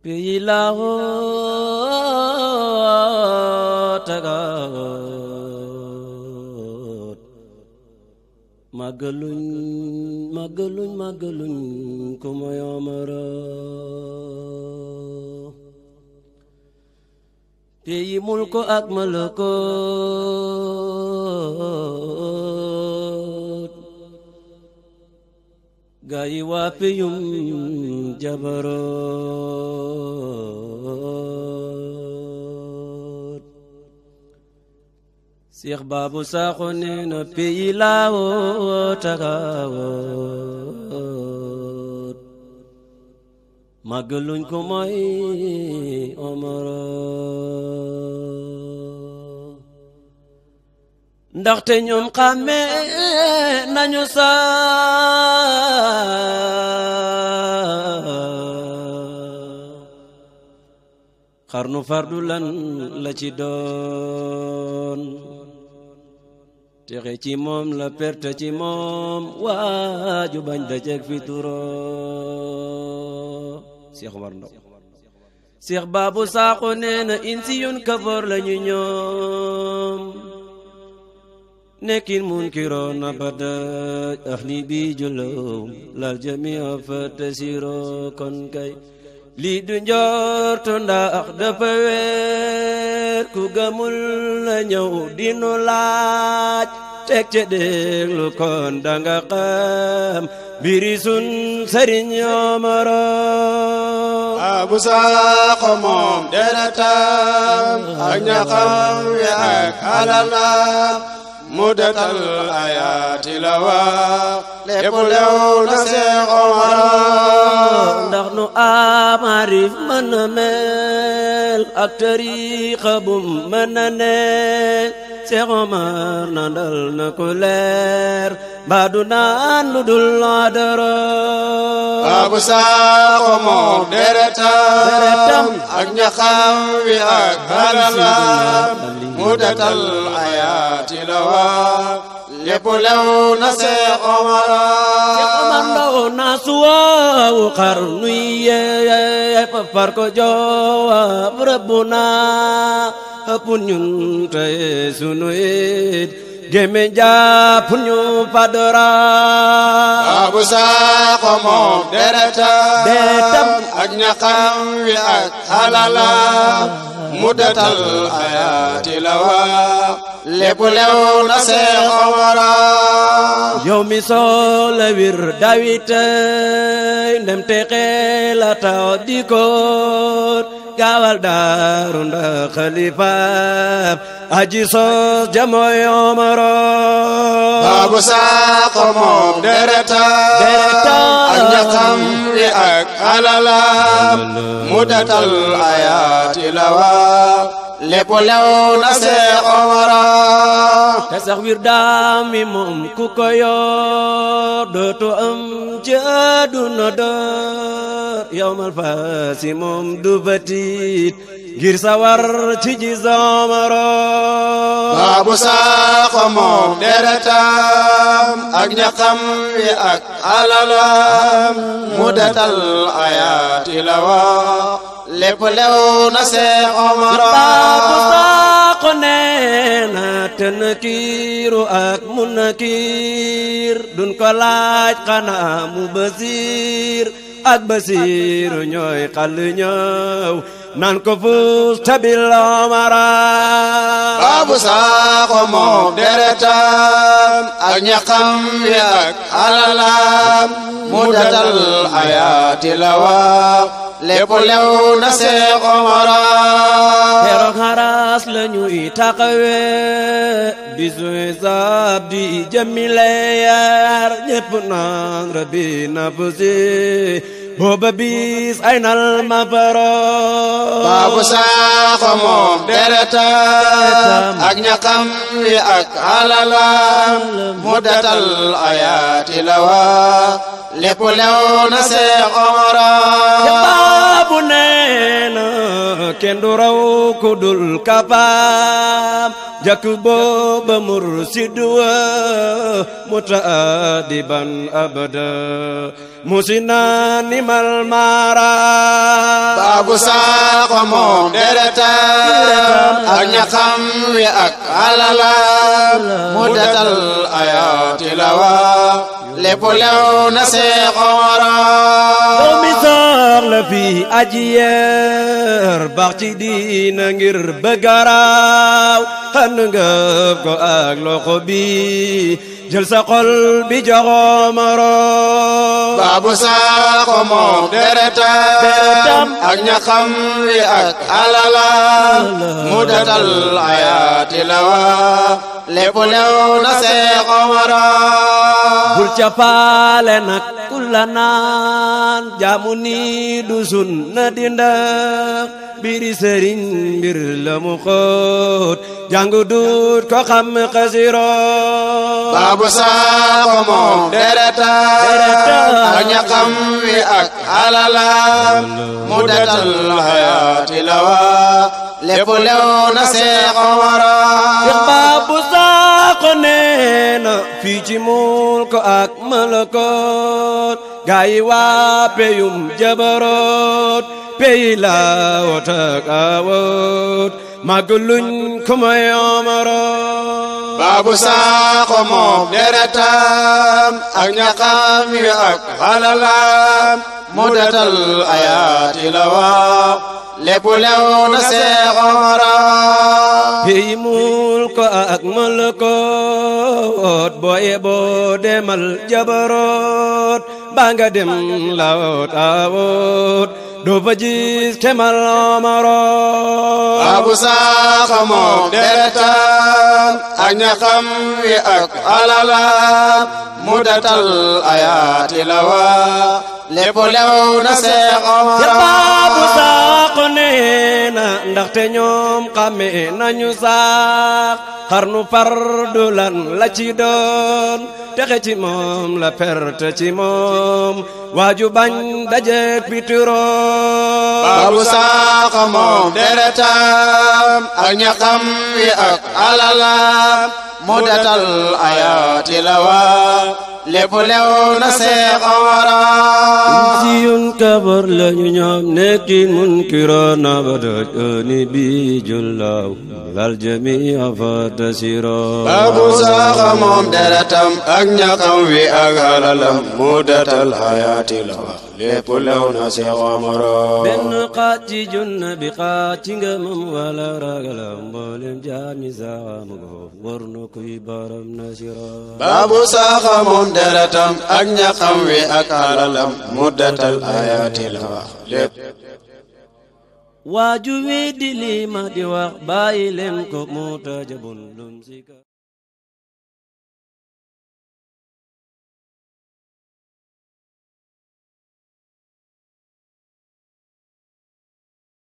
Pays la route à route màggaluñ màggaluñ màggaluñ ko ma yomara pays mul ko ak ma la ko ഗായിവാപ്പിയും ജബറോ Cheikh Babou Sakho nee na pays laa woot ak a woot màggaluñ ko mooy Omaro ndaxte ñun xàmmee nañu saa xarnu fardu lan la ci doon texe ci moom la perte ci moom waaju bañ dajeeg fi turoo Cheikh Omar Ndaw Cheikh Babou nee na insi yun kafoor lañu ñoom nekkin munkiroon abada ahli bi jullum lal jamia fatasiro kon kay lii du njortu ndax dafa weer ku gëmul la ñëw dinu laaj teg ca déglu kon danga xam mbiri sun sëriñ omaro abu saako moom dena tam ak ñaxam wi ak alal مدة الآيات لوا lépp lew na Seex Omar ndax nu amarif mën a mel ak tariqa bu mën a nekk Seex Omar nandal na ko leer mbaa du naan lu dul la dara Abu Saako moom deretam ak ñaxam wi ak halalam mudatal ayaati lawa lépp lew na Seex Omar Seex Omar na suwaawu xarnu yépp far ko joowaab rëbb naa ëpp ñun tey sunu gémmiñ jàpp ñu padora abu saako moom deretam deretam ak ñaxam wi ak xalalam muddatal ayaati lawa lépp lew na seex omara yow mi soxla wir ndem te xeela taw gaawal daaru ndax xalifaam aji soos jamooy omaro baabu saako moom deretam ak ñaxam li ak alalam mudatal lépp lew na Seex Omaro te sax wir moom ku ko yor am ci àdduna door yowmal faasi moom du batiit ngir sawar ci ji Omaro abu saaxo moom deretam ak ñaqam wi ak alalam mu detal ayaati la wa lépp lew na Seex Omar abu saaxo nee na tënkiiru ak munkiir duñ ko laaj xanaa mu basiir ak basiiru ñooy xal ñëw nan ko fuus tabil omara baabu saaxo moom deretam ak ñaqam ya ak alalam mu datal ayaati la wax lépp lew na seex omara keroog xaraas la ñuy taxawe bisu xisaab di jëmmi leer ñépp naan rabbi nafsi هو ببيس أين المبرار باب ساق موم درتا أك نقم لأك عللا مدة الآيات لوا lépp lew na Seex Omaro te baabu nee na kenn du raw ku dul kapaam jàkk booba mursid wa متآدبا أبدا مسنا نم المارا بابو ساق موم درتا أن يقم ويأك على مدة الآيات لوا لبلو نسيقورا la fi ajiyeer baax ci diina ngir bëgg a raaw xan ngëb ko ak loxo bi jël sa xol bi joxo moroom baabu Sakho moom deretam ak ñaxam wi ak alala mu datal ayaati lawa lépp lew na Seex Omar bul ca faale nak la naan jaamu nii du sunna di biri sëriñ mbir la mu xóot jàngu duut ko xam xasiroot baabu saako moom deretaan deretaan ak ñaqam wi ak alalam mu detal xayaati lawa lépp lew na seexo wara nee na fii ci mulk ak malakoot gaay waa peyum jabaroot peyi laawot ak aawoot màggaluñ ku may omaroot baabu saaxo moom deretam ak ñaqam yi ak xalalam mudatal ayaati la waaw lépp lew na Seex Omara bi mul ko ak mal ko booye boo demal jabaroot baa dem lawut awut doo fa gis kemal amaroon abu saaxa moom deretaan ak ñaxam wi ak alalam mu datal ayaati lawa lépp lew na seex omar Sakho nee na ndaxte ñoom xamee nañu saax xarnu fardu lan la ci doon texe ci moom la perte ci moom waaju bañ dajeek bituroon baabu Sakho moom deretam ak ñaxam yi ak alalam mu detal ayaati la waa lépp lew na seex Omara insiyun kabar lañu ñoom nekkin munkiroon abadaj oni bi jullaw lal jamia fatasiro abu saaxa moom deretam ak ñaqam wi ak alalam mu detal ayaati la waa lépp law na Seex Omaro benn xaat ci bi xaat ci ngëmam wala ragala mboolem jaam ñi saaxaam ko war na kuy baram baabu saaxa moom deretam ak ñaxam wi ak alalam muddatal ayaati la wax lépp waaju wi di lii ma di wax bàyyi leen ko mu tajabun lum si